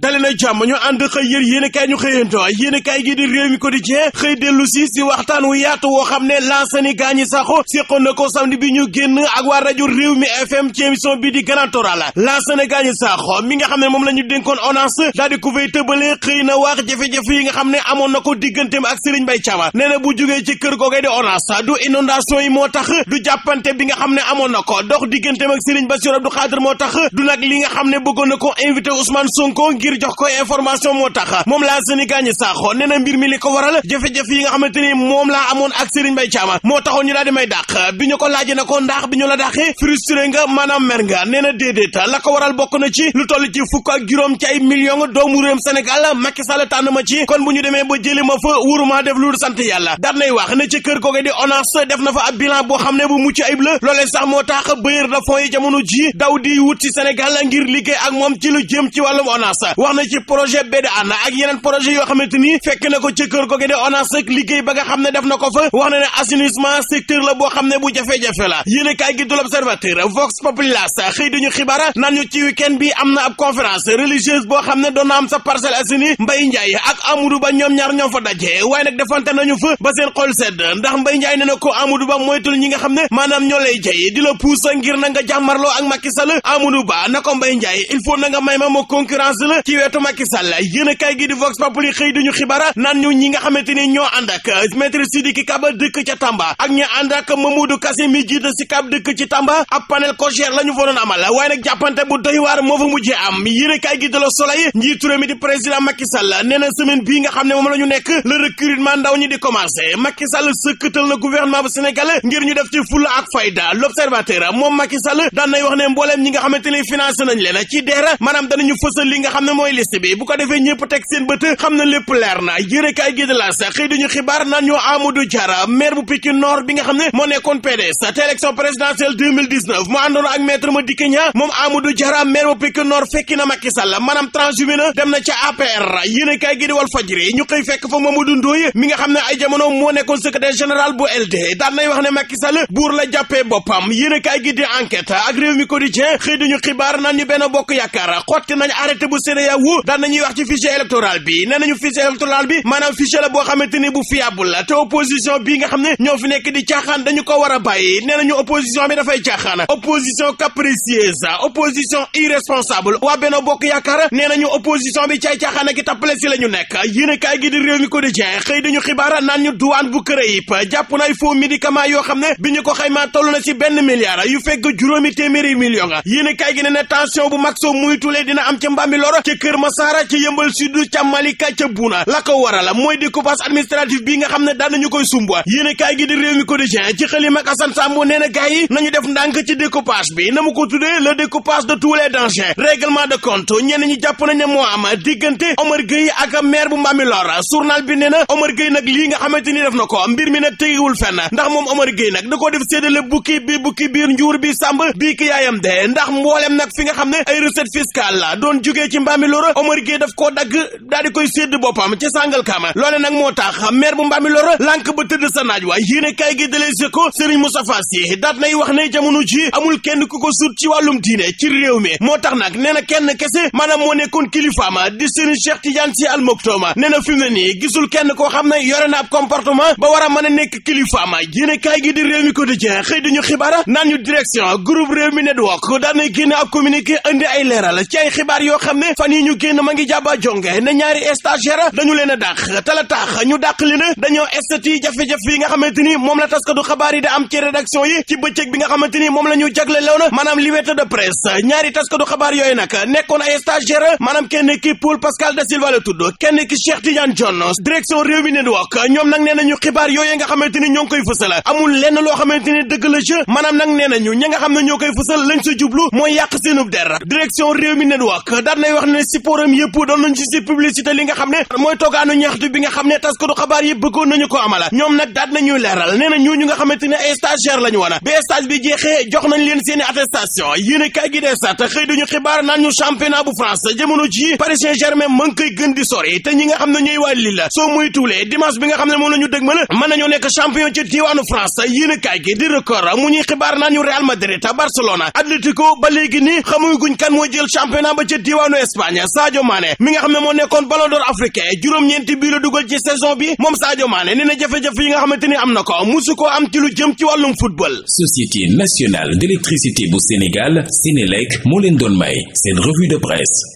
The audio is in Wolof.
dali na jàmm ñu ànd xëy yër yéenekaay ñu xëyantoo yéenekaay gi di réew mi quotidien xëy dellu si si waxtaan wu yaatu woo xam ne Lansana Gagny Sakho séqoon na ko samedi bi ñu génn ak waa rajo réew mi FM ci émission bi di Grand Oral Lansana Gagny Sakho mi nga xam ne moom la ñu dénkoon ONAS daal di ko fay tëbale xëy na waa jafe-jafe yi nga xam ne amoon na ko digganteem ak Serigne bay Thiam nee na bu jógee ci kër googee di ONAS du inondation yi moo tax du jàppante bi nga xam ne amoon na ko dox digganteem ak Serigne Bassirou Abdou Khadre moo tax du nag li nga xam ne bëggoon na ko invité Ousmane Sonko ngir ngir jox ko information moo tax moom laa sëni gaañi saaxo nee na mbir mi li ko waral jafe-jafe yi nga xamante ni moom laa amoon ak Serigne Mbaye Thiam moo taxoon ñu daal di may dàq bi ñu ko laajee na ko ndax bi ñu la dàqee frustré nga maanaam mer nga nee na déedéet la ko waral bokk na ci lu toll ci fukk ak juróom ci ay millions doomu réewum Sénégal Macky Sall tànn ma ci kon bu ñu demee ba jëli ma fa wuruma def lu sant yàlla daan nay wax ne ci kër googe di ONAS def na fa ab bilan boo xam ne bu mucc ayib la loolee sax moo tax bailleur de jamono ji daw di wut ci Sénégal ngir liggéey ak moom ci lu jëm ci wàllum ONAS wax na ci projet BDAN ak yeneen projet yoo xamante ni fekk na ko ci kër ko gi de liggéey ba nga xam ne def na ko fa wax na ne assainissement secteur la boo xam ne bu jafe-jafe la yéen kaay gi du l'Observateur Vox Populi xëy dañu xibaar naan ci week-end bi am na ab conférence religieuse boo xam ne doon na am sa Parcelles Assainies Mbaye Ndiaye ak Amadou Ba ñoom ñaar ñoom fa daje waaye nag defante nañu fa ba seen xol sedd ndax Mbaye Ndiaye ne na ko Amadou Ba moytul ñi nga xam ne maanaam ñoo lay jey di la pousse ngir na nga jàmmarloo ak Macky Sall Amadou Ba na ko Mbaye il faut na nga may ma ma concurrence la ci wetu Macky Sall yéen a kaay gi di Vox Populi xëy duñu xibara naan ñu ñi nga xamante ni ñoo ànd ak euh, maître Sidiki Kaba dëkk ca Tamba ak ñu ànd ak Mamadou Kassé mi jiite si kab dëkk ci Tamba ab panel cogère la ñu fa doon amal waaye nag jàppante bu doy moo fa mujjee am yéen a kaay gi de la Soleil mi di président Macky Sall nee semaine bii nga xam ne moom la ñu nekk le recrutement ndaw ñi di commencé Macky Sall sëkkatal na gouvernement bu Sénégal ngir ni financé nañ leen ci deera ne mooy liste bi bu ko defee ñëpp teg seen bët xam na lépp leer na yërekaay gi de la xëy dañu xibaar naan ñu Amadou Diarra maire bu Pikine Nord bi nga xam ne moo nekkoon PDS te élection présidentielle 2019 mu àndoon ak maître Madické Niang moom Amadou Diarra maire bu Pikine Nord fekki na Macky Sall maanaam na dem na ca APR yërekaay gi di Walf Fadjri ñu xëy fekk fa Mamadou Ndoye mi nga xam ne ay jamono moo nekkoon secrétaire général bu LD daan nay la jàppee boppam yërekaay gi CEDEAO daan nañuy wax ci fichier électoral bi nee nañu fichier électoral bi maanaam fichier la boo xamante ni bu fiable la te opposition bi nga xam ne ñoo fi nekk di caaxaan dañu ko war a bàyyi nee nañu opposition bi dafay caaxaan opposition capricieuse opposition irresponsable waa Benno Bokk Yaakaar nee nañu opposition bi caay caaxaan ak tappale si la ñu nekk yéen a kaay gi di réew mi ko di jeex xëy dañu xibaar naan ñu duwaan bu kër yip jàpp na ay médicament yoo xam ne bi ñu ko xaymaa toll na si benn milliard yu fekk juróomi téeméeri million yéen a kaay gi ne ne tension bu mag soo muytulee dina am ca Mbambilor ca Kër Massara ca Yëmbal Sud ca Malika ca Buna la ko waral mooy découpage administratif bi nga xam ne daan nañu koy sumba yéene kaay gi di réew mi quotidien ci xëlim ak Assane Sambo nee na gaay yi nañu def ndànk ci découpage bi na ko tuddee le découpage de tous les dangers de compte ñenn ñi jàpp nañ moo am diggante Omar Gueye ak maire bu Mbambilor journal bi nee na Omar nag lii nga xamante ni def na ko mbir mi nag tegiwul fenn ndax moom da koo def séddale bukki bi bukki biir njuur bi sàmb bii ki yaayam de ndax mboolem ne ay recette fiscale Bambilor Omar Gueye daf koo dagg daal di koy sédd boppam ci Sangalkam loole nag moo tax maire bu Bambilor lànk ba tëdd sa naaj waay yéene kaay gi dalee si ko Serigne Moustapha Sy daat nay wax ne jamono ji amul kenn ku ko sut ci wàllum diine ci réew mi moo tax nag nee na kenn kese maanaam moo nekkoon kilifaama di Serigne Cheikh Tidiane si Al Maktoum nee na fi mu ne nii gisul kenn koo xam na yore naa ab ba war a mën a nekk kilifaama yéene kaay gi di réew mi ko di jeex xëy di ñu direction groupe mi network daan nay génne ab communiqué indi ay ci ay xibaar yoo xam ne fan yi ñu génn ma ngi jàba jonge ne ñaari stagiaire dañu leen a dàq te la tax ñu dàq li na dañoo estati jafe-jafe yi nga xamante ni moom la taskatu xabaar yi da am ci rédaction yi ci bëccëg bi nga xamante ni moom la ñu jagle liberté de presse ñaari taskatu xabaar yooyu nag nekkoon ay stagiaire kenn ki Paul Pascal da Silva la tudd kenn ki Cheikh Tidiane John direction réew mi network ñoom nag nee nañu xibaar yooyu nga xamante ni ñoo koy fësal investisseurs am doon nañ ci si publicité li nga xam ne mooy toogaanu ñaxtu bi nga xam ne taskatu xabaar yëpp bëggoon nañu ko amala ñoom nag daat nañuy leeral nee na ñooñu nga xamante ne ay stagiaire la ñu woon ba stage bi jeexee jox nañ leen seeni attestation yéen a gi dee sat xëy dañu xibaar naan ñu championnat bu France jamono ji Paris germain ma ngi gën di sori te ñi nga xam ne ñooy waa Lille la soo muy tuulee dimanche bi nga xam ne moom Espagne Sadio Mané mi nga xam ne moo nekkoon ballon d'or africain juróom-ñeenti bii la dugal ci saison bi moom Sadio Mané ne na jafe yi nga xamante ni am na ko musu ko am ci lu jëm ci wàllum football. Société nationale d'électricité bu Sénégal Sénélec moo leen doon may seen revue de presse.